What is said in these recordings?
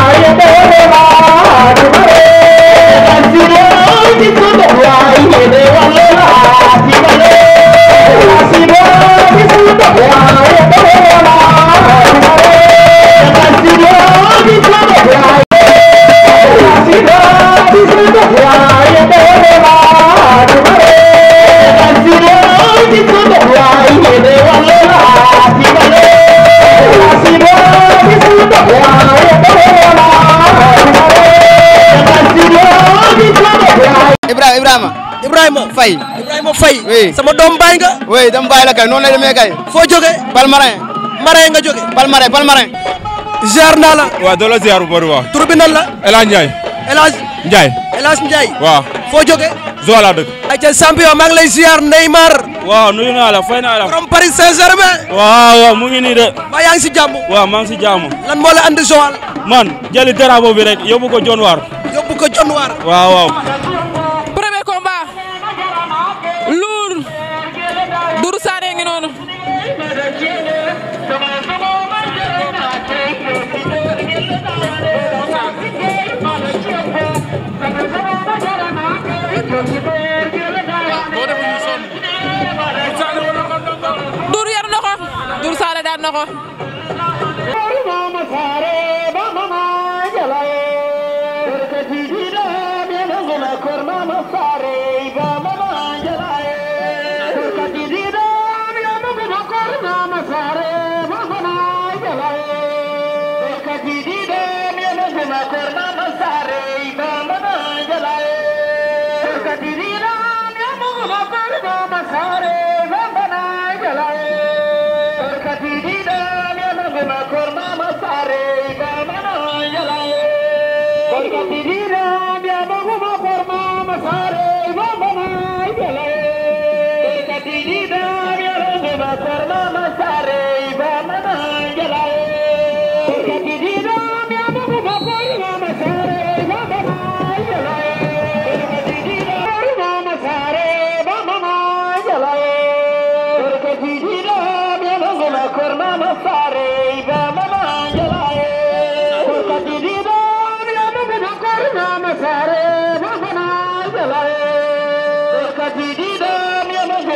आए तेरे Ibrahima Faye Ibrahima Faye oui sama doom baay nga oui dama baay la kay noonu la demee kay foo jógee Palmarin Marin nga jógee Palmarin Palmarin ziar naa la waaw doo la ziar bu bëri waaw tur bi nan la El Hadj Ndiaye El Hadj Ndiaye El Hadj Ndiaye waaw foo jógee Zola laa dëkk ay ca champion maa naa la fay naa la moo la andi Joal man jëli drapeau bi rek yóbbu ko Dionewar yóbbu ko Dionewar waaw waaw na ko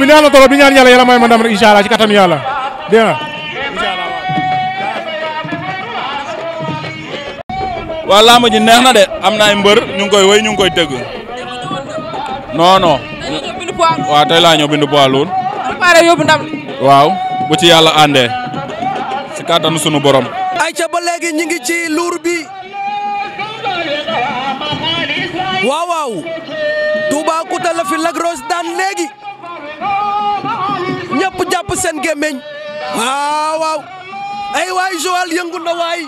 bi neex na trop di ñaan yàlla yàlla may ma ndam ci kattanu yàlla dégg nga. waaw làmb ji neex na de am na ay mbër ñu ngi koy wéy ñu ngi koy tëgg. non non. waaw tey laa bindu poids lool. waaw bu ci yàlla àndee. si kattanu sunu borom. ayca ba léegi ñu ngi ci luur bi. waaw waaw. Toubacouta la fi Lac daan léegi. ñëpp jàpp seen gémmiñ waaw waaw ay waay Joal yëngu na waay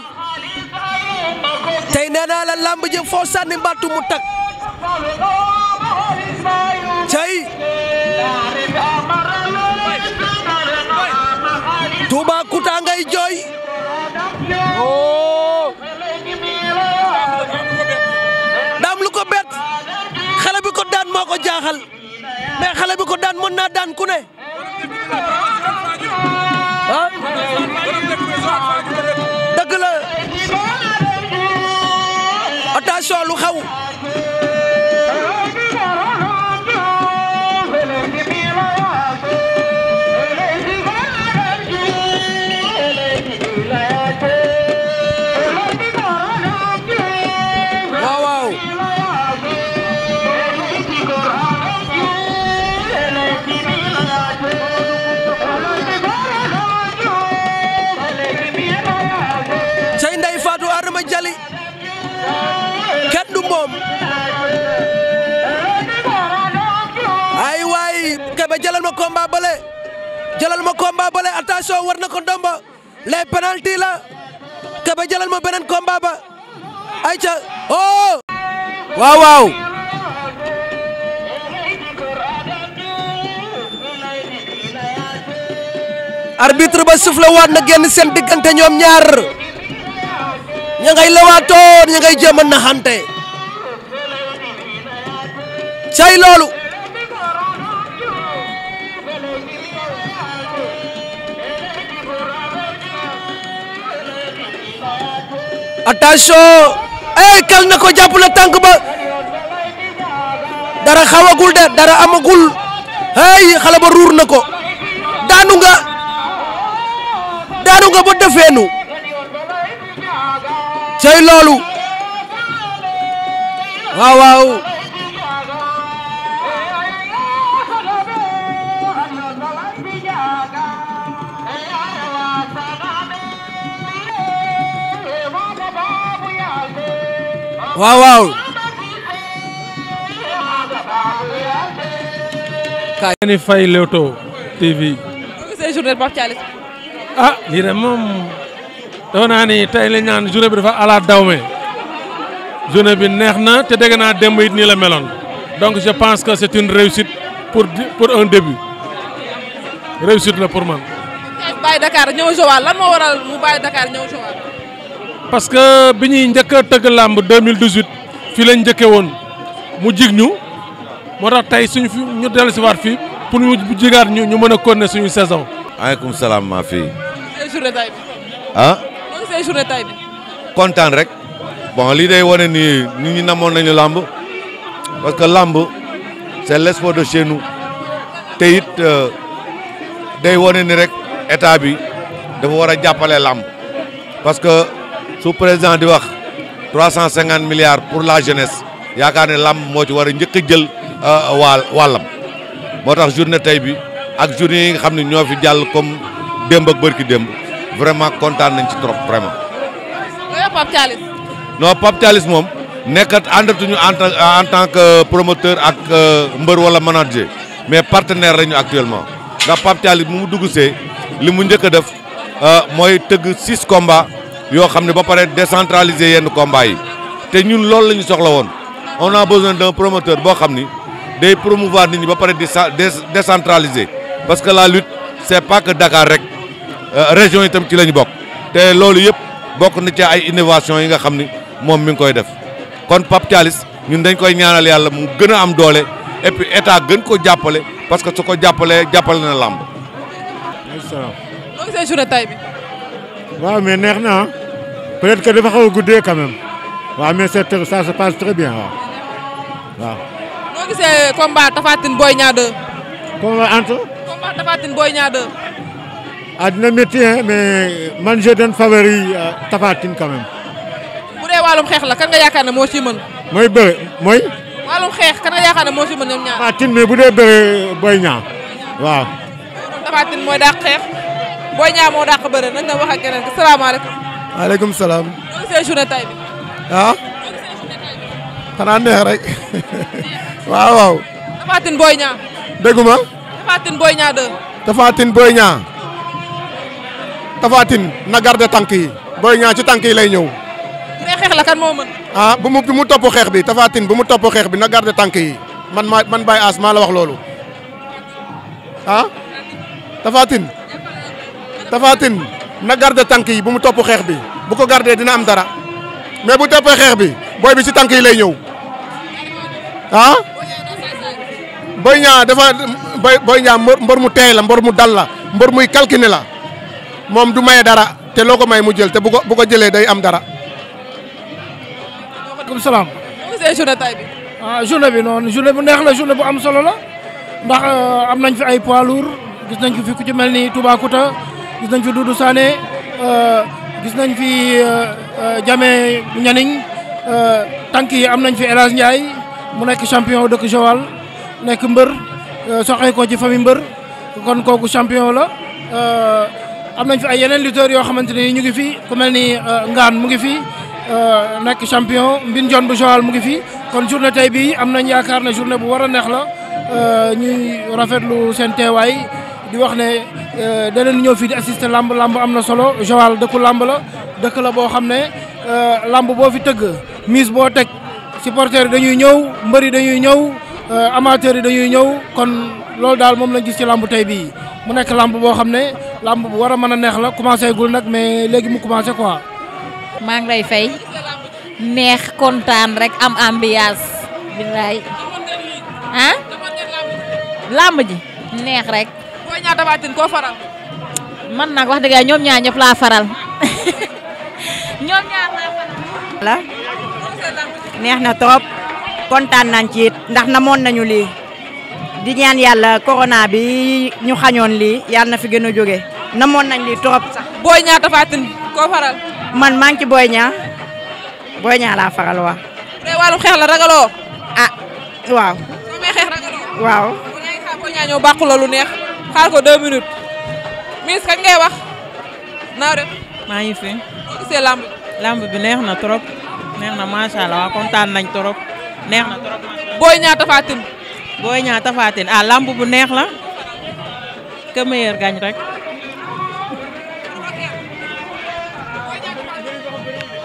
tey nee la làmb ji foo sànni mbàttu mu tak cay Toubacouta ngay jooy oo oh. daam lu ko bet xale bi ko daan moo ko jaaxal mais xale bi ko daan mën naa daan ku ne ah dëgg la attention lu xew jëlal ma combat ba lay attention war na ko ndomba les penalty la ke ba ma beneen combat ba ayca oh waaw waaw arbitre ba soufflé waat na génn seen diggante ñoom ñaar ña ngay lewaatoo ña ngay jéem a naxante loolu attention eh kal ko jàpp na tànk ba dara xawagul de dara amagul hey xale na ko daanu nga daanu nga ba defeenu cey loolu waaw waaw waaw kaay ngeen fay Leewtoo TV ah lii de moom dafa naa ni tey la ñaan journée bi dafa ala dawme journée bi neex na te dégg naa demb it nii la meloon donc je pense que c'est une réussite pour pour un début réussite la pour man bàyyi Dakar ñëw Joal lan moo waral mu bàyyi Dakar ñëw Joal parce que bi ñuy njëkk a tëgg làmb 2018 fii lañ njëkkee woon mu jig ñu moo tax tey suñu fi ñu dellu si waat fii pour ñu jigaat ñu ñu mën a continuer suñu saison. maaleykum salaam maa fii say journée kontaan rek. bon lii day wane ni nit ñi namoon nañu làmb parce que làmb c'est l'espoir de chez nous te euh, day wane ni rek état bi dafa war a jàppale làmb parce que. su président di wax 350 milliards pour la jeunesse yaakaar ne làmb moo ci war a njëkk a jël euh, wàll wàllam moo tax journée tey bi ak journée yi nga xam ne ñoo fi jàll comme démb ak ki démb vraiment kontaan nañ ci trop vraiment. Paptalis. non Paptalis moom nekkat àndatuñu en tant que promoteur ak euh, mbër wala manager mais partenaire lañu actuellement ndax Paptalis mu mu dugg see li mu njëkk a def euh, mooy tëgg six combats. yoo xam ne ba pare décentraliser yenn combat yi te ñun loolu la ñu soxla woon on a besoin d'un promoteur boo xam ni day promouvoir nit ñi ba pare di décentraliser parce que la lutte c'est pas que Dakar rek euh, région itam ci la ñu bokk te loolu yëpp bokk na ci ay innovation yi nga xam ni moom mi ngi koy def kon Pape Thialis ñun dañ koy ñaanal yàlla mu gën a am doole et puis gën ko jàppale parce que soo ko jàppalee jàppale na làmb. waaw mais neex na peut-être dafa xaw a guddee quand waaw mais c'est ça se passe très bien waaw noo gisee combat Tapha Tine Boy Niang entre. combat Tapha Tine Boy Niang 2. Ah, mais man je donne favori euh, Tapha bu dee wàllum xeex la kan nga yaakaar ne moo ciy mooy bëre mooy. wàllum xeex kan nga yaakaar ne moo ciy ñoom ñaar. Tapha mais bu dee bëre euh, Boy Niang waaw. moo dàq bëre nañ la wax ak keneen salaamaaleykum. maaleykum salaam. noo gisee journée tey bi. ah. xanaa neex rek. waaw waaw. Tapha Tine Boy Niang. na garder tank yi. booy Niang ci tànk yi lay ñëw. bu dee xeex la kan moo mën. Ah, bu mu bu mu topp xeex bi Tapha bu mu topp xeex bi na garder tànk yi man maa man Baye As maa la wax loolu ah. Tapha Tine. na garder tànk yi bu mu topp xeex bi bu ko garder dina am dara mais bu toppee xeex bi booy bi ci tànk yi lay ñëw ah. Boy Niang dafa booy Boy Niang mbër mu teey la mbër mu dal la mbër muy calculer la moom du maye dara te loo ko may mu jël te bu ko bu ko jëlee day am dara. waaleykum salaam. journée tay bi. ah journée bi noonu journée bu neex la journée bu am solo la ndax euh, am nañ fi ay poids lourds gis nañ ko fi ku ci mel ni Toubacouta. gis nañ fi Doudou Sané euh, gis nañ fi Diame euh, euh, Nianing tànk yi am nañ fi El Hadj mu nekk champion dëkk Joal nekk mbër soxee ko ci famille mbër kon kooku champion la am nañ fi ay yeneen lutteurs yoo xamante ni ñu ngi fi ku mel ni Ngaan mu ngi fi nekk champion mbin jon bu Joal mu ngi fi kon journée tey bii am nañ yaakaar na journée bu war a neex la ñuy rafetlu seen teewaay di wax ne euh, danañ ñëw fii di assister làmb lamb am na solo Joal dëkku làmb la dëkk la boo xam ne euh, lamb boo fi tëgg mise boo teg supporters yi dañuy ñëw mbër yi dañuy ñëw euh, amateurs yi dañuy ñëw kon loolu daal moom lañ gis ci lamb tey bii mu nekk làmb boo xam ne làmb bu war a mën a neex la commencé gul nag mais léegi mu commencé quoi. maa ngi lay fay neex kontaan rek am ambiance billaay ah lamb ji neex rek. ñaa Tapha Tine man nag wax dëgg yàlla ñoom ñaar ñëpp laa faral. neex na trop kontaan nañ ci it na moon nañu lii di ñaan yàlla corona bi ñu xañoon lii yàlla na fi gën a jóge namoon nañ lii trop sax. Boy Niang Tapha Tine faral. man maa ngi ci booy Niang Boy Niang laa faral waaw. Ah, waaw. waaw. xaar ko deux minutes. Miss kañ ngay wax. naa maa ngi fi. nga gisee lamb. lamb bi neex na trop. neex na macha allah kontaan nañ trop. neex na trop macha allah. booy ñaata faatin. booy lamb bu neex la. que meilleur gagne rek.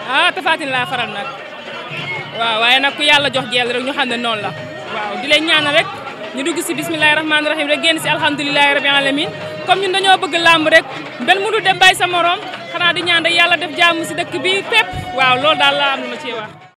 ah Tafatine laa faral nag waaw waaye nag ku yàlla jox jeel rek ñu xam ne noonu la waaw di leen ñaanal rek. ñu dugg si bisimilahi rahmaani rahim rek génn si alhamdulilahi rabi alamin comme ñun dañoo bëgg làmb rek benn mu dul dem bàyyi sa morom xanaa di ñaan rek yàlla def jàmm si dëkk bi fépp waaw loolu daal laa am lu ma wax